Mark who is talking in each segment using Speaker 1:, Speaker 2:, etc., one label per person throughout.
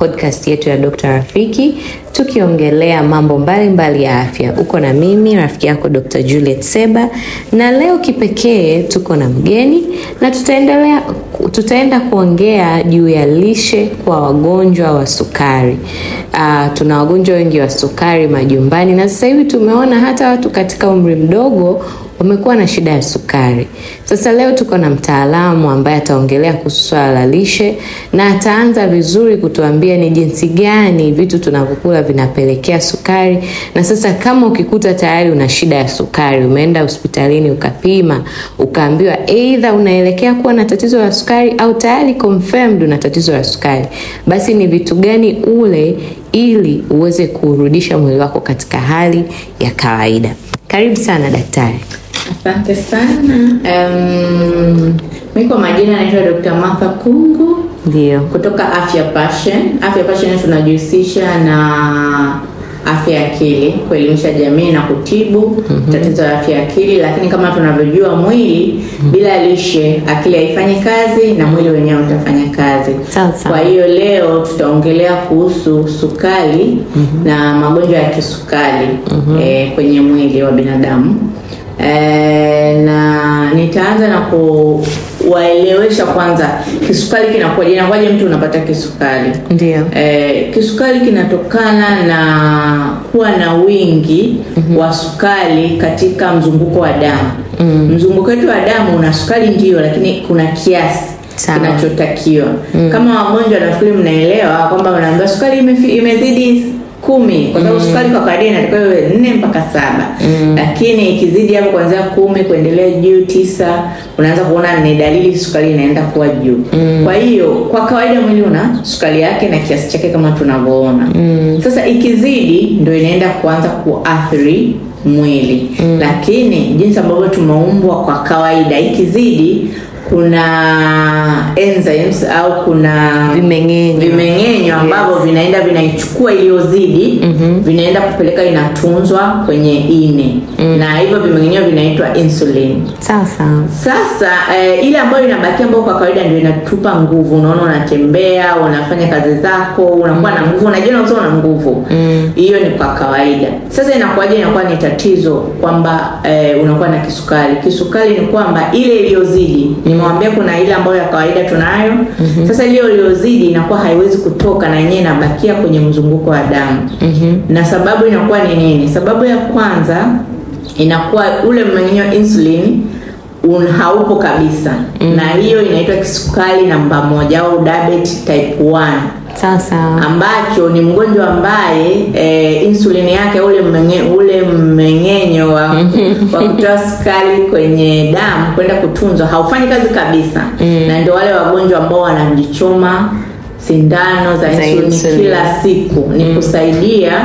Speaker 1: podcast yetu ya Dokta Rafiki tukiongelea mambo mbalimbali mbali ya afya. Uko na mimi rafiki yako Dr. Juliet Seba, na leo kipekee tuko na mgeni na tutaendelea, tutaenda kuongea juu ya lishe kwa wagonjwa wa sukari. Uh, tuna wagonjwa wengi wa sukari majumbani na sasa hivi tumeona hata watu katika umri mdogo wamekuwa na shida ya sukari. Sasa leo tuko na mtaalamu ambaye ataongelea kuhusu swala la lishe na ataanza vizuri kutuambia ni jinsi gani vitu tunavyokula vinapelekea sukari, na sasa kama ukikuta tayari una shida ya sukari, umeenda hospitalini ukapima, ukaambiwa eidha unaelekea kuwa na tatizo la sukari au tayari confirmed una tatizo la sukari, basi ni vitu gani ule ili uweze kurudisha mwili wako katika hali ya kawaida. Karibu sana daktari.
Speaker 2: Asante sana. Um, mi kwa majina naitwa Dr. Martha Kungu. Ndio. Kutoka Afya Passion. Afya Passion tunajihusisha na afya ya akili, kuelimisha jamii na kutibu mm -hmm. tatizo la afya ya akili, lakini kama tunavyojua mwili mm -hmm. bila lishe akili haifanyi kazi na mwili wenyewe utafanya kazi. Sasa. Kwa hiyo leo tutaongelea kuhusu sukari mm -hmm. na magonjwa ya kisukari mm -hmm. eh, kwenye mwili wa binadamu e, na nitaanza na kuwaelewesha kwanza kisukari kinakuwa inakuwaje, mtu unapata kisukari. Ndio. E, kisukari kinatokana na kuwa na wingi mm -hmm. wa sukari katika mzunguko wa damu mm. Mzunguko wetu wa damu una sukari ndio lakini kuna kiasi kinachotakiwa mm. Kama wagonjwa, nafikiri mnaelewa kwamba unaambiwa sukari imezidi kumi kwa sababu mm. sukari kwa kawaida inatakiwa iwe nne mpaka saba mm. lakini ikizidi hapo kuanzia kumi kuendelea juu tisa unaanza kuona ni dalili sukari inaenda kuwa juu mm. kwa hiyo kwa kawaida mwili una sukari yake na kiasi chake kama tunavyoona mm. sasa ikizidi ndo inaenda kuanza kuathiri mwili mm. lakini jinsi ambavyo tumeumbwa kwa kawaida ikizidi kuna enzymes au kuna vimeng'enyo vimeng'enyo ambavyo yes. vinaenda vinaichukua iliyozidi mm-hmm. vinaenda kupeleka inatunzwa kwenye ini mm. na hivyo vimeng'enyo vinaitwa insulin sasa sasa eh, ile ambayo inabaki ambayo kwa kawaida ndio inatupa nguvu unaona unatembea unafanya kazi zako unakuwa mm. na nguvu unajiona uso una nguvu hiyo mm. ni kwa kawaida sasa inakuwaje inakuwa ni tatizo kwamba eh, unakuwa na kisukari kisukari ni kwamba ile iliyozidi mm nimewambia kuna ile ambayo ya kawaida tunayo mm-hmm. Sasa ile iliyozidi inakuwa haiwezi kutoka na yenyewe inabakia kwenye mzunguko wa damu mm-hmm. Na sababu inakuwa ni nini? Sababu ya kwanza inakuwa ule mmeng'enyo insulin haupo kabisa mm-hmm. Na hiyo inaitwa kisukari namba moja au diabetes type 1 sasa, ambacho ni mgonjwa ambaye e, eh, insulini yake ule mmenye, ule mmeng'enyo wa, wa kutoa sukari kwenye damu kwenda kutunzwa haufanyi kazi kabisa mm. na ndio wale wagonjwa ambao wanajichoma sindano za insulini kila siku ni mm. kusaidia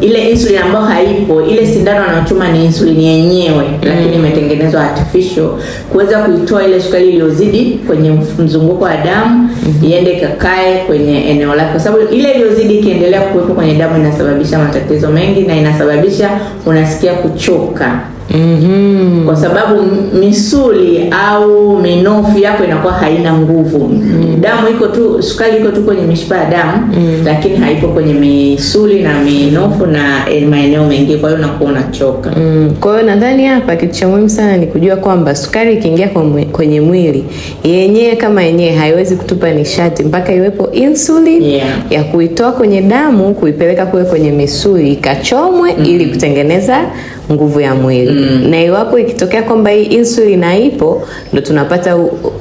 Speaker 2: ile insulin ambayo haipo, ile sindano anayochuma ni insulin yenyewe mm. lakini imetengenezwa artificial kuweza kuitoa ile sukari iliyozidi kwenye mzunguko wa damu mm. iende kakae kwenye eneo lake, kwa sababu ile iliyozidi ikiendelea kuwepo kwenye damu inasababisha matatizo mengi na inasababisha unasikia kuchoka mm-hmm. kwa sababu misuli au minofu yako inakuwa haina nguvu mm-hmm. damu iko tu sukari iko tu kwenye mishipa ya damu mm-hmm. lakini haipo kwenye misuli na minofu na eh, maeneo mengine kwa hiyo unakuwa unachoka
Speaker 1: mm. kwa hiyo nadhani hapa kitu cha muhimu sana ni kujua kwamba sukari ikiingia kwenye mwili yenyewe kama yenyewe haiwezi kutupa nishati mpaka iwepo insulin yeah. ya kuitoa kwenye damu kuipeleka kule kwenye misuli ikachomwe mm. ili kutengeneza nguvu ya mwili mm. Mm. na iwapo ikitokea kwamba hii insulin haipo ndo tunapata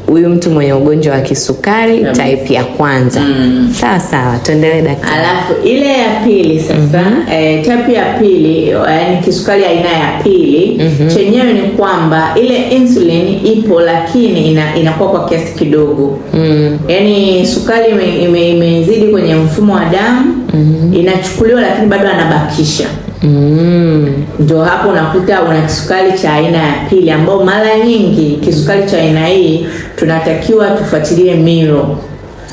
Speaker 1: huyu mtu mwenye ugonjwa wa kisukari yeah. Mm.
Speaker 2: type ya kwanza mm. sawa sawa tuendelee daktari alafu ile ya pili sasa mm-hmm. eh, type ya pili yani eh, kisukari aina ya, pili mm-hmm. chenyewe ni kwamba ile insulin ipo lakini ina, inakuwa kwa kiasi kidogo mm. yani sukari imezidi ime, ime kwenye mfumo wa damu mm-hmm. inachukuliwa lakini bado anabakisha Mm. ndio Hapo unakuta una kisukari cha aina ya pili, ambao mara nyingi kisukari cha aina hii tunatakiwa tufuatilie milo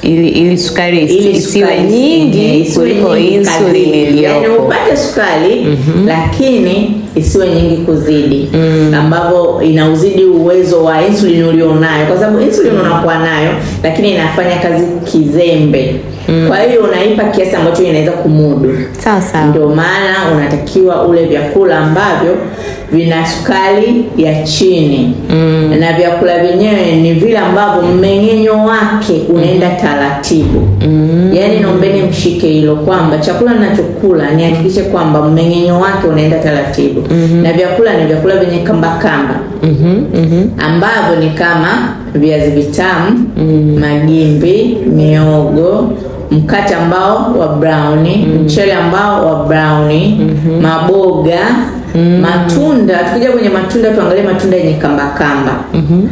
Speaker 2: ili ili sukari isiwe nyingi kuliko insulin yaani iliyopo, yani upate sukari mm -hmm. lakini isiwe nyingi kuzidi mm. ambapo inauzidi uwezo wa insulin ulionayo, kwa sababu insulin unakuwa nayo, lakini inafanya kazi kizembe mm. kwa hiyo unaipa kiasi ambacho inaweza kumudu sawa sawa ndio maana unatakiwa ule vyakula ambavyo vina sukari ya chini mm. na vyakula vyenyewe ni vile ambavyo mmeng'enyo wake unaenda taratibu mm. yaani naombeni mshike hilo kwamba chakula nachokula nihakikishe kwamba mmeng'enyo wake unaenda taratibu mm-hmm. na vyakula ni vyakula vyenye kambakamba mm-hmm. mm-hmm. ambavyo ni kama viazi vitamu mm-hmm. magimbi miogo mkate ambao wa browni mm. mchele ambao wa browni mm-hmm. maboga mm. matunda tukija kwenye matunda tuangalie matunda yenye kambakamba mm-hmm.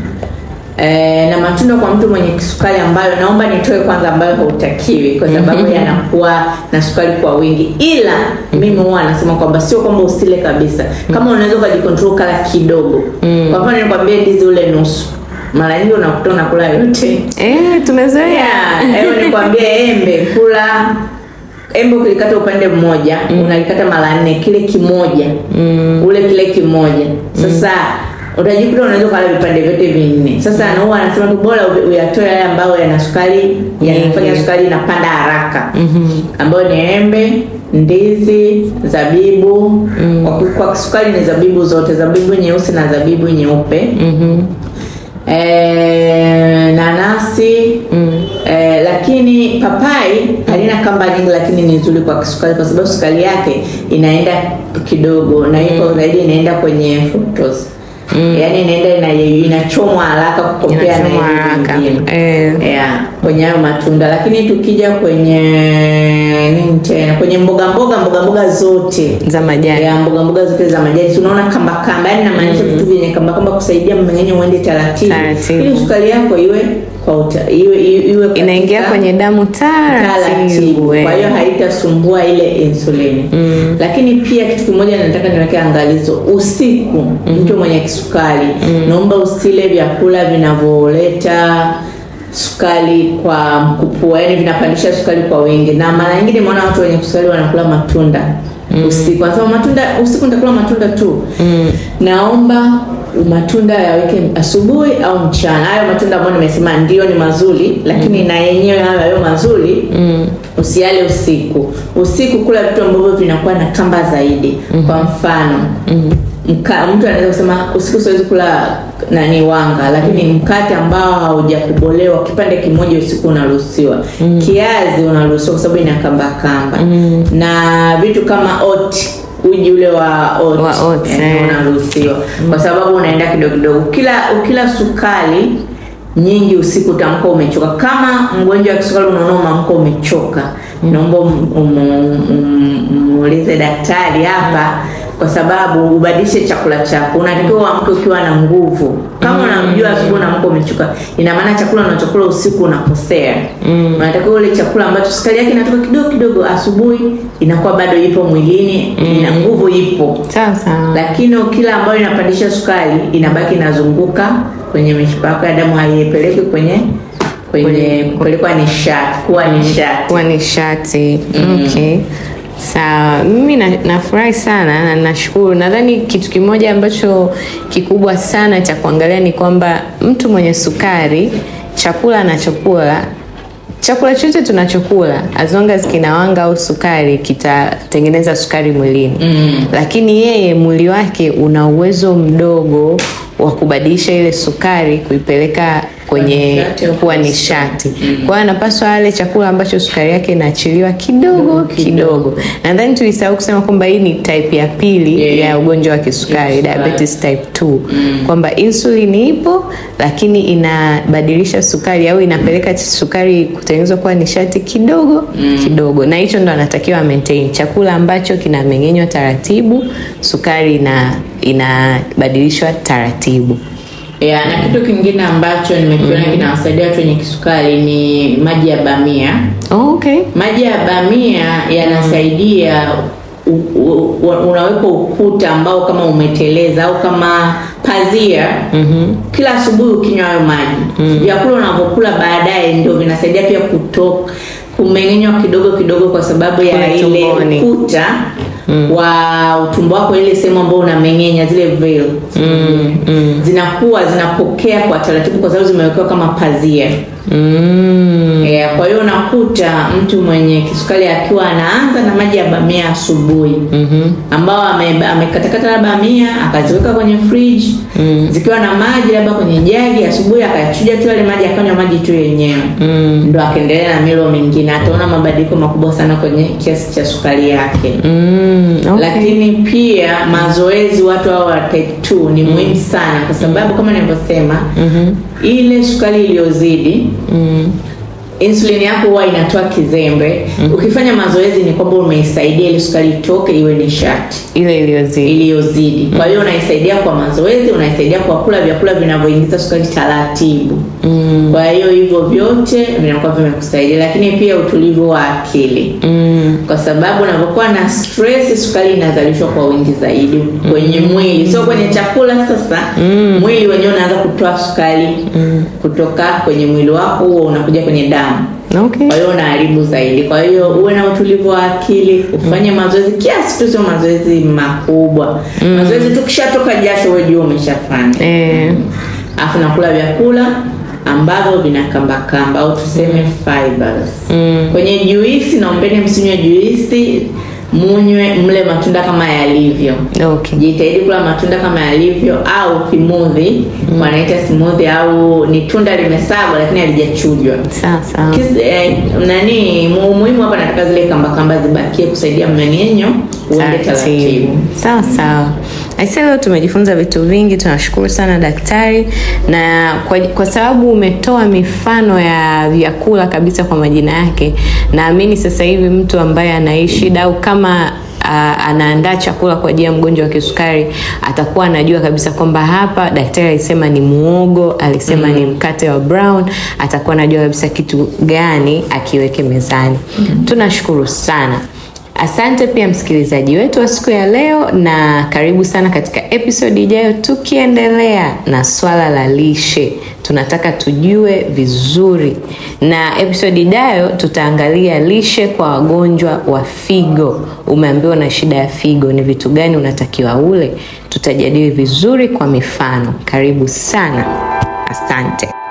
Speaker 2: E, na matunda kwa mtu mwenye kisukari ambayo naomba nitoe kwanza ambayo hautakiwi kwa mm-hmm. sababu mm-hmm. yanakuwa na sukari kwa wingi ila mm-hmm. mimi huwa nasema kwamba sio kwamba usile kabisa kama mm-hmm. unaweza ukajikontrol kala kidogo mm-hmm. kwa mfano nikwambie ndizi ule nusu mara nyingi unakuta unakula yote eh, tumezoea yeah, nikwambie embe kula embe ukilikata upande mmoja mm. unalikata mara nne kile kimoja mm. ule kile kimoja mm. sasa mm. utajikuta unaweza kula vipande vyote vinne sasa mm. huwa anasema tu bora uyatoe yale ambayo yana sukari mm. yanafanya mm. sukari inapanda haraka mm-hmm. ambayo ni embe ndizi zabibu mm. kwa, kwa sukari ni zabibu zote zabibu nyeusi na zabibu nyeupe mm-hmm e, nanasi mm. e, lakini papai halina kamba nyingi, lakini ni nzuri kwa kisukari kwa sababu sukari yake inaenda kidogo na zaidi mm. zaidi inaenda kwenye fructose mm. yaani inaenda inachomwa haraka kukopea na haraka eh yeah kwenye hayo matunda, lakini tukija kwenye nini tena, kwenye mboga mboga mboga mboga zote za majani ya mboga mboga zote za majani tunaona kamba kamba, yani namaanisha mm-hmm. vitu vyenye kamba kamba kusaidia mmeng'enyo uende taratibu, ili sukari yako iwe iwe iwe inaingia kwenye damu taratibu, kwa hiyo eh. haitasumbua ile insulini mm. Lakini pia kitu kimoja nataka niweke angalizo usiku, mtu mm-hmm. mwenye kisukari mm. naomba usile vyakula vinavyoleta sukari kwa mkupua yani vinapandisha sukari kwa wingi, na mara nyingine mwana watu wenye sukari wanakula matunda mm. usiku. Kwa sababu matunda usiku nitakula matunda tu mm. naomba matunda yaweke asubuhi au mchana. Hayo matunda ambayo nimesema ndio ni mazuri, lakini mm. na yenyewe hayo hayo mazuri mm. usiale usiku. Usiku kula vitu ambavyo vinakuwa na kamba zaidi mm. kwa mfano mm mka, mtu anaweza kusema usiku siwezi kula nani wanga, lakini mm. mkate ambao haujakobolewa kipande kimoja usiku unaruhusiwa mm. kiazi unaruhusiwa kwa sababu ina kamba kamba mm. na vitu kama ot uji ule wa eh, eh, unaruhusiwa mm. kwa sababu unaenda kidogo kidogo. Ukila ukila sukari nyingi usiku utamka umechoka. Kama mgonjwa wa kisukari unaona umeamka umechoka, mm. naomba umuulize um, um, um, daktari hapa mm kwa sababu ubadilishe chakula chako. Unatakiwa uamke ukiwa na nguvu. Kama mm. unamjua asubuhi unaamka umechoka, ina maana chakula unachokula usiku unakosea. Mm. Unatakiwa ule chakula ambacho sukari yake inatoka kidogo kidogo, asubuhi inakuwa bado ipo mwilini, mm. ina nguvu ipo. Sasa. Lakini kila ambayo inapandisha sukari inabaki inazunguka kwenye mishipa yako ya damu, haiipeleki kwenye kwenye kupelekwa nishati, kuwa nishati. Kuwa nishati. Mm. Okay. Mm. Sawa, mimi
Speaker 1: nafurahi na sana na nashukuru. Nadhani kitu kimoja ambacho kikubwa sana cha kuangalia ni kwamba mtu mwenye sukari, chakula anachokula, chakula chote tunachokula as long as kina wanga au sukari kitatengeneza sukari mwilini mm. Lakini yeye mwili wake una uwezo mdogo wa kubadilisha ile sukari kuipeleka kwenye kuwa nishati. Mm. Kwa hiyo anapaswa ale chakula ambacho sukari yake inaachiliwa kidogo kidogo. Nadhani tulisahau kusema kwamba hii ni type ya pili yeah, ya ugonjwa wa kisukari yes, diabetes type 2 mm, kwamba insulin ipo lakini inabadilisha sukari au inapeleka sukari kutengenezwa kuwa nishati kidogo mm, kidogo, na hicho ndo anatakiwa maintain, chakula ambacho kinameng'enywa taratibu, sukari ina inabadilishwa taratibu
Speaker 2: yeah, na kitu kingine ambacho nimekiona mm-hmm. kinawasaidia watu wenye kisukari ni maji ya bamia oh, okay. maji ya bamia yanasaidia unawekwa ukuta ambao kama umeteleza au kama pazia mm-hmm. kila asubuhi ukinywa hayo maji mm-hmm. vyakula mm-hmm. unavyokula baadaye ndio vinasaidia pia kutoka kumengenywa kidogo kidogo kwa sababu ya ile kuta mm. wa utumbo wako, ile sehemu ambayo unameng'enya zile veil mm. mm. zinakuwa zinapokea kwa taratibu, kwa sababu zimewekewa kama pazia mm. yeah, kwa hiyo unakuta mtu mwenye kisukari akiwa anaanza na maji ya bamia asubuhi mm -hmm. ambao amekatakata ame bamia akaziweka kwenye fridge mm. zikiwa na maji labda kwenye jagi, asubuhi akachuja tu yale maji akanywa maji tu yenyewe mm. ndo akaendelea na milo mingine, ataona mabadiliko makubwa sana kwenye kiasi cha sukari yake mm. okay. Lakini pia mazoezi, watu hao wa type 2 ni mm. muhimu sana kwa sababu kama nilivyosema mm -hmm ile sukari iliyozidi mm insulin yako huwa inatoa kizembe mm. ukifanya mazoezi ni kwamba umeisaidia ile sukari itoke iwe nishati ile iliyozidi iliyozidi mm. kwa hiyo mm-hmm. unaisaidia kwa mazoezi unaisaidia kwa kula vyakula vinavyoingiza sukari taratibu mm. kwa hiyo hivyo vyote vinakuwa vimekusaidia lakini pia utulivu wa akili mm. kwa sababu unapokuwa na stress sukari inazalishwa kwa wingi zaidi mm. kwenye mwili sio kwenye chakula sasa mm. mwili wenyewe unaanza kutoa sukari mm. kutoka kwenye mwili wako huo unakuja kwenye damu damu okay. kwa hiyo unaharibu zaidi kwa hiyo uwe na utulivu wa akili mm. ufanye mm. mazoezi kiasi tu sio mazoezi makubwa mm. mazoezi tukishatoka jasho wejua umeshafanya eh. Mm. afu nakula vyakula ambavyo vina kambakamba au tuseme fibers mm. kwenye juisi naombeni msinywe juisi munywe, mle matunda kama yalivyo. Okay. Jitahidi kula matunda kama yalivyo, au kimudhi mm. wanaita smoothie, au ni tunda limesagwa lakini halijachujwa. Sasa eh, nani, umuhimu hapa, nataka zile kamba kamba zibakie kusaidia mmeng'enyo Sawa sawa. Aisee, tumejifunza vitu vingi, tunashukuru sana
Speaker 1: daktari, na kwa, kwa sababu umetoa mifano ya vyakula kabisa kwa majina yake, naamini sasa hivi mtu ambaye anaishi dau kama Uh, anaandaa chakula kwa ajili ya mgonjwa wa kisukari atakuwa anajua kabisa kwamba hapa daktari alisema ni muogo, alisema mm -hmm. ni mm-hmm. mkate wa brown, atakuwa anajua kabisa kitu gani akiweke mezani. mm -hmm. Tunashukuru sana. Asante pia msikilizaji wetu wa siku ya leo, na karibu sana katika episodi ijayo, tukiendelea na swala la lishe. Tunataka tujue vizuri, na episodi ijayo tutaangalia lishe kwa wagonjwa wa figo. Umeambiwa na shida ya figo, ni vitu gani unatakiwa ule? Tutajadili vizuri kwa mifano. Karibu sana, asante.